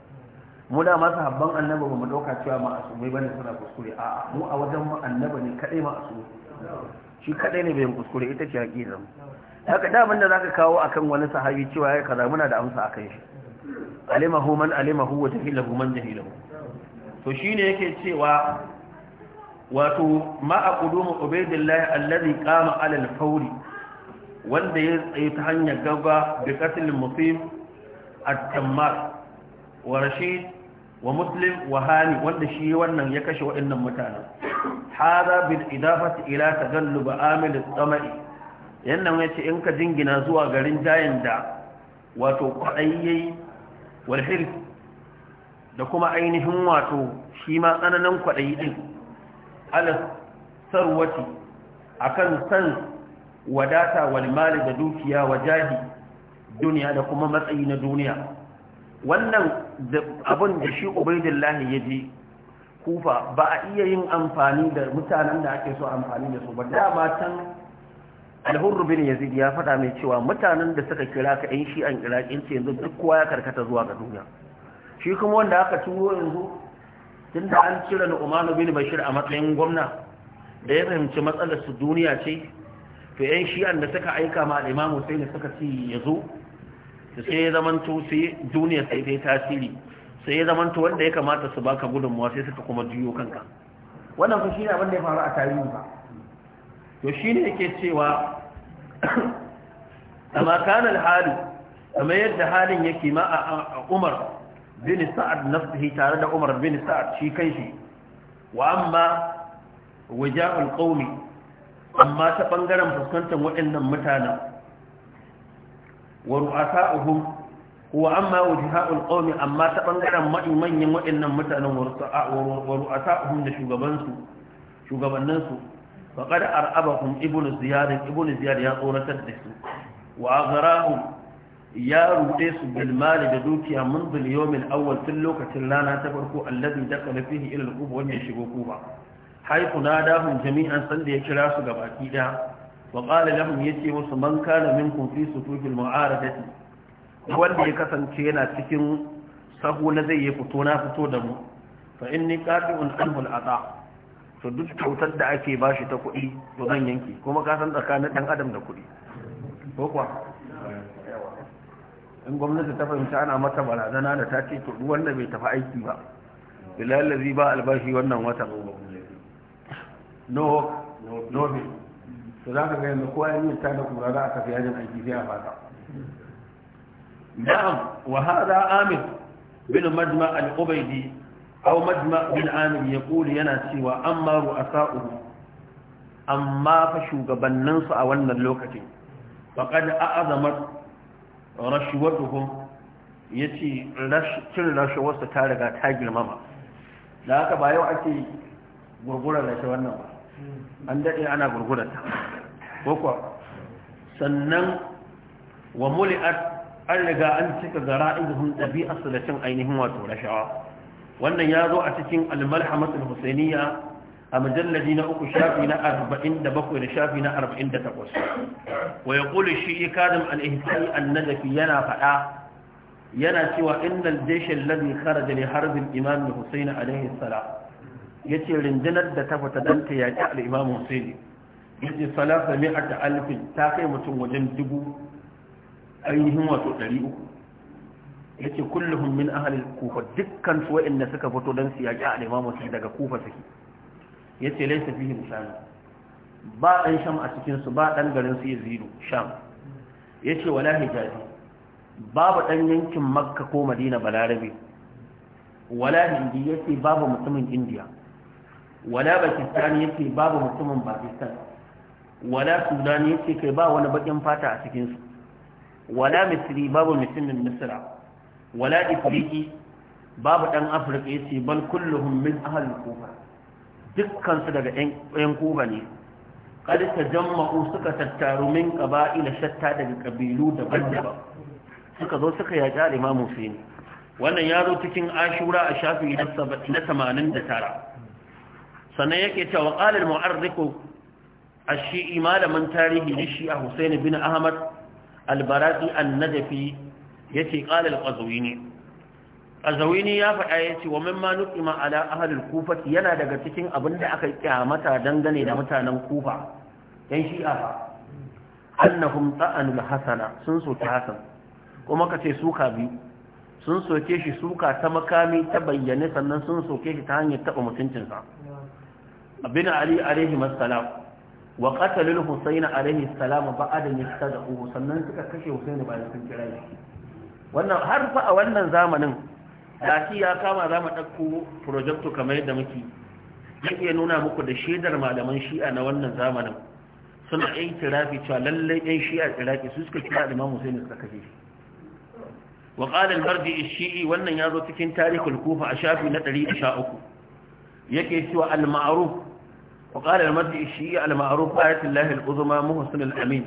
mu da masu habban annaba ba mu dauka cewa ma asumai bane suna kuskure a mu a wajen mu annaba ne kadai ma asumai shi kadai ne bai kuskure ita ce aqidar mu haka da abin da zaka kawo akan wani sahabi cewa ya kaza muna da amsa akan shi alimahu man alimahu wa jahilahu man jahilahu to shine yake cewa wato ma aqudumu ubaydillahi alladhi qama ala al-fawri wanda ya tsaye ta hanyar gaba bi qatl musib at-tammar wa rashid wa muslim wa hani wanda shi wannan ya kashe waɗannan mutanen hada bil idafati ila tagallub amil al-tsamai yannan yace in ka jingina zuwa garin jayin da wato kwadayi wal hirf da kuma ainihin wato shi ma tsananan kwadayi din ala sarwati akan san wadata wal mali da dukiya wajahi duniya da kuma matsayi na duniya wannan abin da shi ubaidillahi ya ji kufa ba a iya yin amfani da mutanen da ake so amfani da su ba dama can alhurru bin yazid ya fada mai cewa mutanen da suka kira ka yan shi'an iraƙin ce yanzu duk kowa ya karkata zuwa ga duniya shi kuma wanda aka turo yanzu tun da an kira na umaru bin bashir a matsayin gwamna da ya fahimci matsalar su duniya ce to yan shi'an da suka aika ma imamu sai da suka ci ya zo sai ya zamanto sai duniya sai yi tasiri sai ya zamanto wanda ya kamata su baka gudunmuwa sai suka kuma juyo kanka wannan ku shine abin da ya faru a tarihi ba to shine yake cewa amma kana alhalu kamar yadda halin yake ma a Umar bin Sa'ad nafsihi tare da Umar bin Sa'ad shi kanshi wa amma waja'ul qaumi amma ta bangaren fuskantar waɗannan mutanen wa ru'asa'uhum wa amma wajha'ul qawmi amma ta bangaren manyan waɗannan mutanen wa ru'asa'uhum da shugabansu shugabanninsu faqad ar'abahum ibnu ziyad ibnu ziyad ya tsoratar da su wa aghrahum ya rude su bil da dukiya mun bil yawmil awwal tun lokacin rana ta farko alladhi dakala fihi ila al-quba wannan shigo kuba haifu nadahum jami'an sanda ya kira su gabaki daya wa qala ya ce musu man kana minkum fi sufufil mu'aradati wanda ya kasance yana cikin sahu na zai yi fito na fito da mu fa inni qati'un anhul ata to duk kyautar da ake bashi ta kuɗi to zan yanke kuma ka san tsakanin dan adam da kuɗi ko kuwa in gwamnati ta fahimta ana mata barazana da ta ce to wanda bai tafi aiki ba bilalazi ba albashi wannan watan no no to za ka ga yanzu kowa ya yi ta da kura za a tafi yajin aiki sai a fata na'am wa hada amir bin majma al-ubaidi aw majma bin Amin ya kuli yana cewa a ru'asa'u amma fa shugabanninsu a wannan lokacin faqad a'azamat ya ce cin rashwarsu ta riga ta girmama da haka ba yau ake gurgurar rashe wannan ba an daɗe ana gurgurata ko kuwa sannan wa muli an riga an cika gara ɗabi'a ɗabi'arsu da cin ainihin wato rashawa wannan ya zo a cikin almalhamatul husainiya a majalladi na uku shafi na arba'in da bakwai da shafi na arba'in da takwas wa ya ƙuli shi ikadin al'ihisai annadafi yana faɗa yana cewa innal jeshin ladin kharaja li harbin imamin husaini alaihi salam ya ce rindinar da ta fita don ta yaƙi al'imamu husaini ya ce salasa mai ata alifin ta kai mutum wajen dubu ainihin wato ɗari uku ya ce kullum min ahalin kufa dukkan su da suka fito don su yaƙi al'imamu husaini daga kufa suke ya ce laisa fihim sham ba ɗan sham a cikinsu ba ɗan garin su yazidu sham ya ce wala hijazi babu ɗan yankin makka ko madina balarabe wala hindi ya ce babu mutumin indiya wala pakistan yake babu mutumin pakistan wala sudan yake kai ba wani bakin fata a cikinsu. wala misri babu mutumin misra wala ifriki babu ɗan afirka yace bal kulluhum min ahli kufa dukkan su daga yan kufa ne kad tajamma'u suka tattaru min ƙaba ila shatta daga kabilu daban-daban suka zo suka yaƙi al-imamu Husaini wannan ya zo cikin Ashura a shafi na 89 sannan yake cewa qalil mu'arriku a shii malamin tarihi ne shi'a Husaini bin Ahmad al annadafi an-Najfi yace qalil qazwini ya faɗa yace wa mimma nuqima ala ahli kufa yana daga cikin da aka kyamata dangane da mutanen Kufa yan shi'a annahum ta'anul hasana sun so hasan kuma kace suka biyu sun soke shi suka ta makami ta bayyane sannan sun soke shi ta hanyar taɓa mutuncinsa bin ali alaihi salam wa qatalul husayn alaihi salam ba'da yastadahu sannan suka kashe husayn bayan sun kira shi wannan har fa a wannan zamanin da shi ya kama zama dauko ɗauko projecto kamar yadda muke yake nuna muku da shaidar malaman shi'a na wannan zamanin suna yin tirafi cewa lallai 'yan shi'a iraki su suka kira imam husaini suka kashe shi wa qala al al shii wannan yazo cikin tarihul kufa a shafi na 113 yake cewa al-ma'ruf وقال المرجع الشيعي المعروف آية الله العظمى محسن الأمين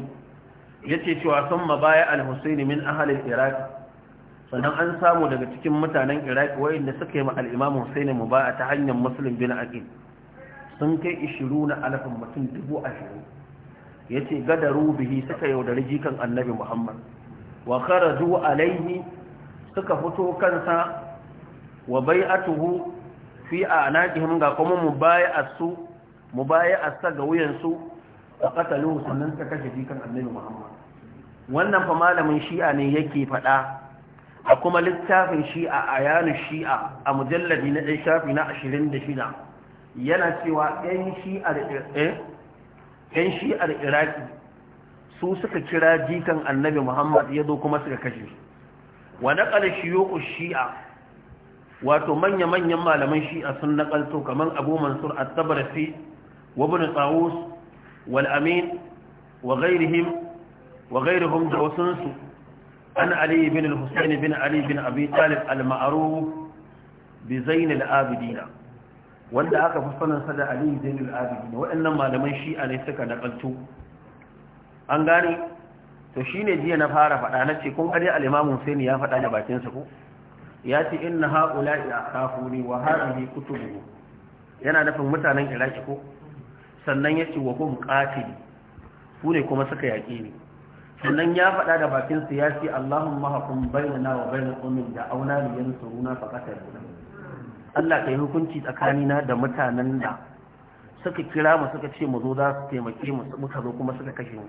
yace cewa sun mabaya al-Husaini min ahalil Iraq sannan an samu daga cikin mutanen Iraq wayanda suka yi ma al-Imam Husaini mubaya ta hanyar Muslim bin Aqil sun kai 20 alafin mutum 20 yace gadaru bihi suka yaudari jikan Annabi Muhammad wa kharaju alaihi suka fito kansa wa bai'atuhu fi anaqihim ga kuma baya su a ga wuyansu a katalu sannan ta kashe jikan annabi Muhammad wannan fa malamin shi'a ne yake faɗa a kuma littafin shi'a a yanu shi'a a mujallabi na ɗan shafi na ashirin da shida yana cewa eh, ‘yan shi'ar iraki su suka kira jikan annabi muhammad ya zo kuma suka kashe wa naƙalar shi'a wato manya-manyan malaman shi'a sun naƙalto kamar abu mansur a وابن طاووس والأمين وغيرهم وغيرهم جوسنس عن علي بن الحسين بن علي بن أبي طالب المعروف بزين الآبدين wanda aka fi sanin da Ali Zainul Abidin waɗannan malaman shi'a ne suka nakalto an gane to ne jiya na fara faɗa na ce kun kare al-Imam Hussein ya faɗa da bakin ko ya ce inna haula'i akhafuni wa yana nufin mutanen Iraki ko sannan ya ce wa hum qatili su ne kuma suka yaƙi ni sannan ya faɗa da bakin siyasi ya ce Allahumma hakum bainana wa bainal ummin da auna li yansuruna fa qataluna Allah kai hukunci tsakanina da mutanen da suka kira mu suka ce mu zo za su taimake mu muka zo kuma suka kashe mu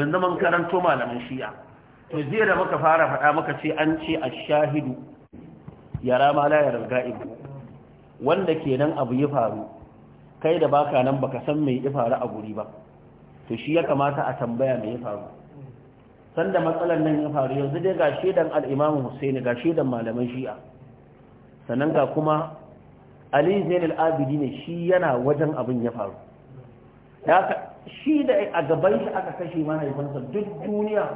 yanzu mun karanto malaman shi'a to jiya da muka fara faɗa muka ce an ce ash-shahidu yara ma la yarga ibu wanda kenan abu ya faru kai da baka nan baka san mai ya faru a guri ba to shi ya kamata a tambaya mai ya faru San da matsalar nan ya faru yanzu dai ga shedan al-Imam Hussaini ga shedan malaman shi'a sannan ga kuma ali zain Abidi ne shi yana wajen abin ya faru shi da a gaban shi aka kashe mahaifinsa duk duniya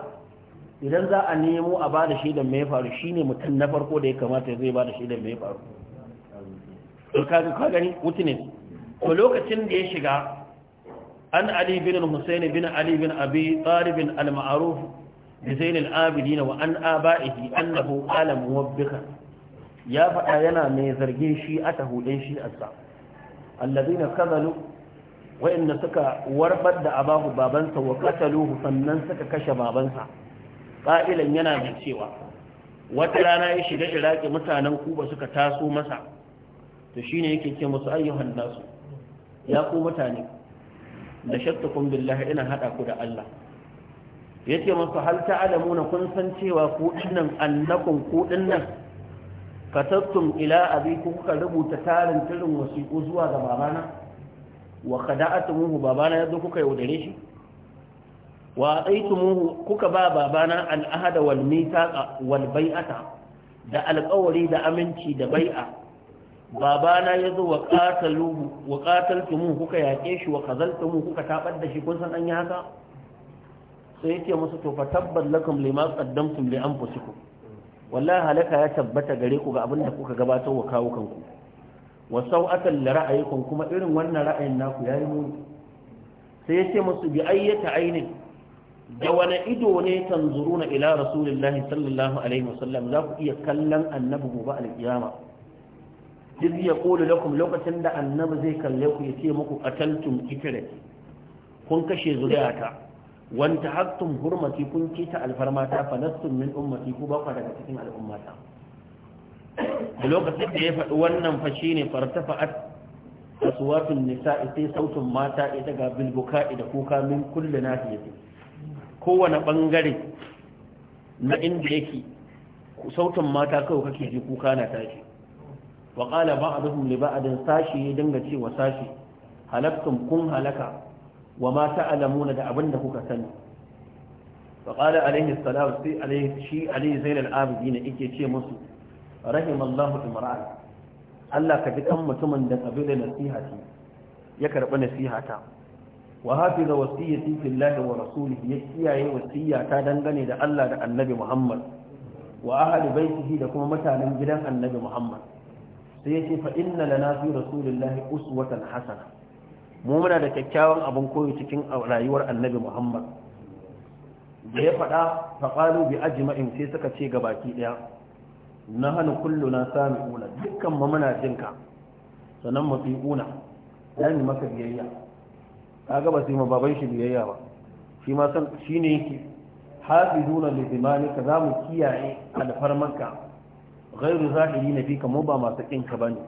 idan za a nemo a bada da shedan mai ya faru shine mutum na farko da ya kamata zai ba da shedan mai ya faru ka gani ne to lokacin da ya shiga an ali bin husayn bin ali bin abi talib al-ma'ruf bi zain al-abidin wa an aba'ihi annahu qala muwabbika ya faɗa yana mai zargin shi a tahudin shi asa alladhina kadhalu wa'inda suka warbar da abahu babansa wa kataluhu sannan suka kashe babansa kailan yana da cewa wata rana ya shiga iraki mutanen kuba suka taso masa to shine yake ce musu ayyuhan nasu ya ku mutane da shattukun billahi ina hada ku da Allah yace musu hal na kun san cewa ku dinnan annakum ku dinnan katattum ila abiku kuka rubuta tarin tirin wasiqu zuwa ga babana wa khada'atumuhu babana yanzu kuka yaudare shi wa aitumuhu kuka ba babana al ahada wal mithaqa wal bai'ata da alƙawari da aminci da bai'a babana ya zo wa qataluhu wa kuka yake shi wa qazaltumu kuka tabar da shi kun san an yi haka sai yake musu to fatabbal lakum lima qaddamtum li anfusikum wallahi halaka ya tabbata gare ku ga abin da kuka gabatar wa kawo kanku wa sau'atan li ra'ayikum kuma irin wannan ra'ayin naku yi muni sai yace musu bi ayyata aini. da wani ido ne na ila rasulillahi sallallahu alaihi wasallam za ku iya kallon annabi gobe alkiyama duk ya da kuma lokacin da annabi zai kalle ku ya ce muku qataltum kitare kun kashe zuriyata wanta haktum hurmati kun kita alfarmata fanastum min ummati ku ba daga cikin al'ummata da lokacin da ya faɗi wannan fa ne fartafa'at aswatun nisa'i sai sautin mata ita ga bilbuka'i da kuka min kullu nahiyati kowane bangare na inda yake sautin mata kawai kake ji kuka na tashi wa qala ba'dhum li ba'din sashi ya dinga cewa sashi halaktum kun halaka wa ma ta'lamuna da abin da kuka sani wa qala alaihi salam sai alaihi shi alaihi zainal abidin yake ce musu rahimallahu imra'an Allah ka ji kan mutumin da kabila nasihati ya karɓi nasihata wa hafiza wasiyyati fillahi wa rasulihi ya kiyaye wasiyya ta dangane da Allah da Annabi Muhammad wa ahli baitihi da kuma mutanen gidan Annabi Muhammad sai ya ce fa inna lana fi rasulillahi uswatan hasana mu muna da kyakkyawan abin koyo cikin rayuwar annabi muhammad da ya faɗa faƙalu bi ajma'in sai suka ce ga baki ɗaya na hana kullu na sami una dukkan mu muna jin ka sannan mu una mu maka biyayya kaga ba sai mu baban shi biyayya ba shi ma san shine yake hafizuna li zamanika za mu kiyaye alfarmanka ghairu zahiri na fika mu ba masu kinka bane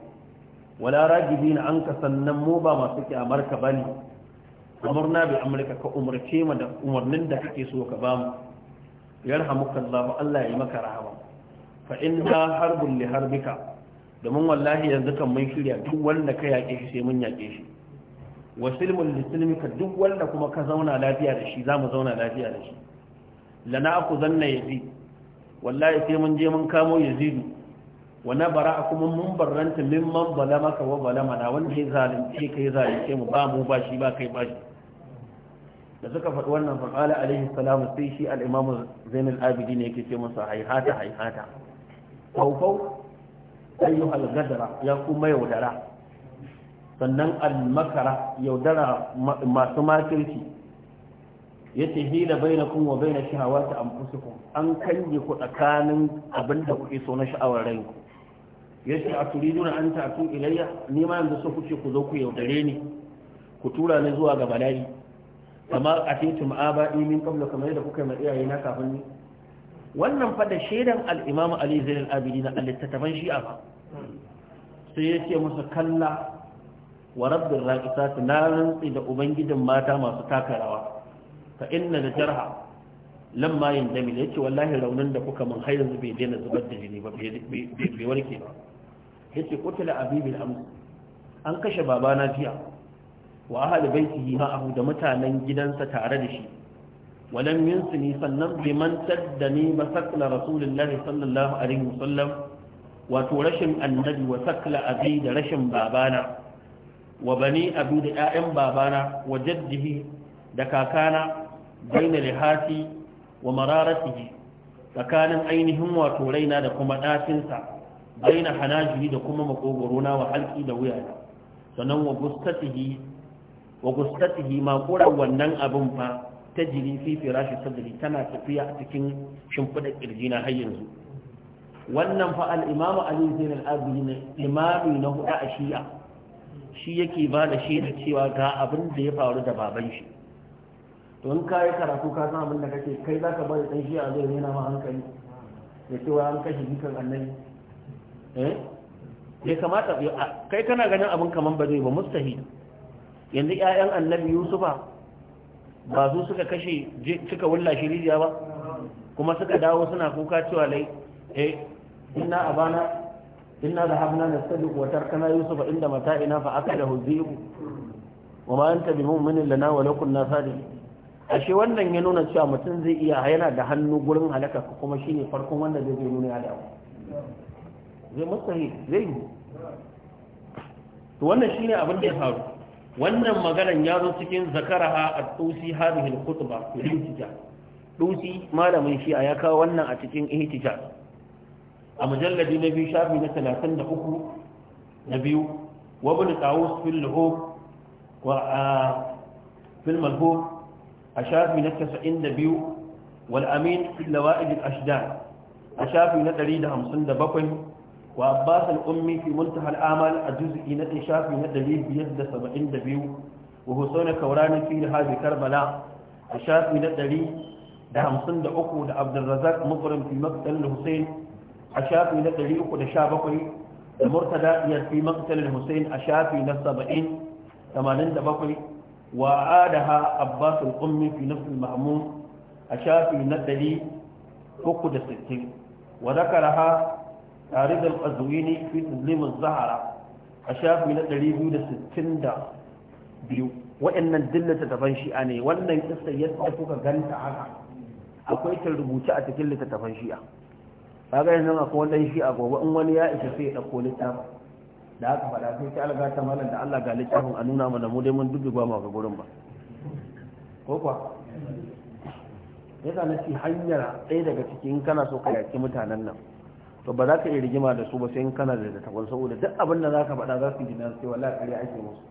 wala rajibi na an ka sannan mu ba masu kyamarka bane amarna bi amurka ka umarce mu da umarnin da kake so ka ba mu yarhamuka Allah Allah ya maka rahama fa inna harbun li harbika domin wallahi yanzu kan mun shirya duk wanda ka yaƙe shi sai mun yaƙe shi wasilmul lisilmika duk wanda kuma ka zauna lafiya da shi zamu zauna lafiya da shi lana aku zanna yazi wallahi sai mun je mun kamo yazidu wa bara a kuma mun barranta mimman balamaka wa balamana wanda ya zalunce ka ya zalunce mu ba mu ba shi ba kai ba shi da suka faɗi wannan faƙala alaihi salamu sai shi al'imamu zainul abidi ne yake ce masa haihata haihata faufau ayyu al halgadara ya kuma yaudara sannan al-makara yaudara masu makirci yace hila bainakum wa baina shahawati anfusikum an kange ku tsakanin abin da kuke so na sha'awar ranku ya ce a nuna an tafi ilayya ni ma yanzu sun kuke ku zo ku yaudare ni ku tura ni zuwa ga bala'i kamar a titi ma'aba min kamla kamar yadda kuka yi ma iyaye kafin ni wannan fada shaidan al'imamu ali na al-abidi na shi littattafan shi'a ba sai ya ce musu kalla wa rabbin raƙisat na rantsi da ubangijin mata masu takarawa ka inna da jarha lamma yin damil ya ce wallahi raunin da kuka mun har yanzu bai daina zubar da jini ba bai warke ba yace qutila abi bil amr an kashe babana jiya wa ahli yi ma'ahu da mutanen gidansa tare da shi walam yunsini sannan mantar da ba sakla rasulullahi sallallahu alaihi wasallam wato rashin annabi wa sakla abi da rashin babana wa bani abi da ƴaƴan babana wa jaddihi da kakana baina lihati wa mararatihi tsakanin ainihin wato raina da kuma ɗacinsa baina hanajihi da kuma makogoro na wa halki da wuya sannan wa gustatihi wa gustatihi ma wannan abin fa ta jiri fi firashi sadri tana tafiya a cikin shimfidar na har yanzu wannan fa al-imam ali zain al-abidi ne imami na hudu a shi'a shi yake ba da shi da cewa ga abin da ya faru da baban shi to in kai karatu ka san abin da kake kai zaka bari dan shi'a zai yana ma hankali ya ce wa an kashe dukan annabi bai eh? kamata kai kana ganin abin kamar ba zai ba mustahi yanzu 'ya'yan annabi yusufa ba su suka kashe suka wulla shi rijiya ba kuma suka dawo suna kuka cewa lai eh inna abana inna zahabna nastadiq wa tarkana yusufa inda mata'ina fa da dhibu wa ma anta mu'minin lana wa lakum kunna ashe wannan ya nuna cewa mutum zai iya yana da hannu gurin halaka kuma shine farkon wanda zai nuna ya dawo zai matsayi zai yi to wannan shine abin da ya faru wannan maganan ya zo cikin zakaraha a tsosi hadihin kutuba ihtija dusi malamin shi ya kawo wannan a cikin ihtija a mujalladi na biyu shafi na 33 na biyu wa ibn qawus fil luhub wa fil malhub a shafi na 92 wal amin fil lawaid al ashdan a shafi na 157 wa abbas ummi fi muntaha amal a juz'i na shafi na biyu wa husaina kaurani fi hadi karbala a shafi na ɗari da abdulrazak mukrim fi maktal al a shafi na uku da murtada iyar fi maktal al a shafi na fi nufin وعادها a shafi na ɗari uku da sittin wa الستين وذكرها tare da a fi tazlim zahara a shafi na 262 wa'annan dillata taban shi'a ne wannan kissa yadda kuka ganta haka akwai ta rubuce a cikin littattafan shi'a kaga yanzu akwai wannan shi'a gobe in wani ya isa sai ya dauko littafin da aka faɗa sai ta alga ta malam da Allah ga littafin a nuna mana mu dai mun dubi ba ga gurin ba ko kuwa ya na ci hanyar ɗaya daga cikin kana so ka yaki mutanen nan to ba za ka iya rigima da su ba sai in kana da littattafan saboda duk abin da za ka faɗa za su gina su cewa la ƙarya ake musu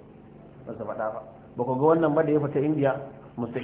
ba su faɗa ba ba ku ga wannan ba da ya fita indiya musta